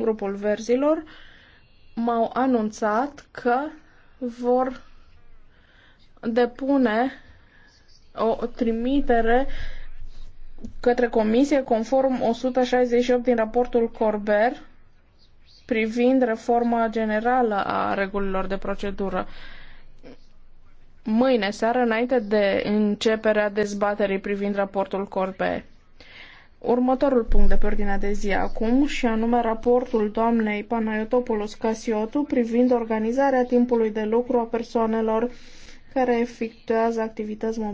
grupul verzilor, m-au anunțat că vor depune o trimitere către comisie conform 168 din raportul Corber privind reforma generală a regulilor de procedură. Mâine seară, înainte de începerea dezbaterii privind raportul Corber. Următorul punct de pe ordinea de zi acum, și anume raportul doamnei Panayotopoulos Casiotu privind organizarea timpului de lucru a persoanelor care efectuează activități mobile.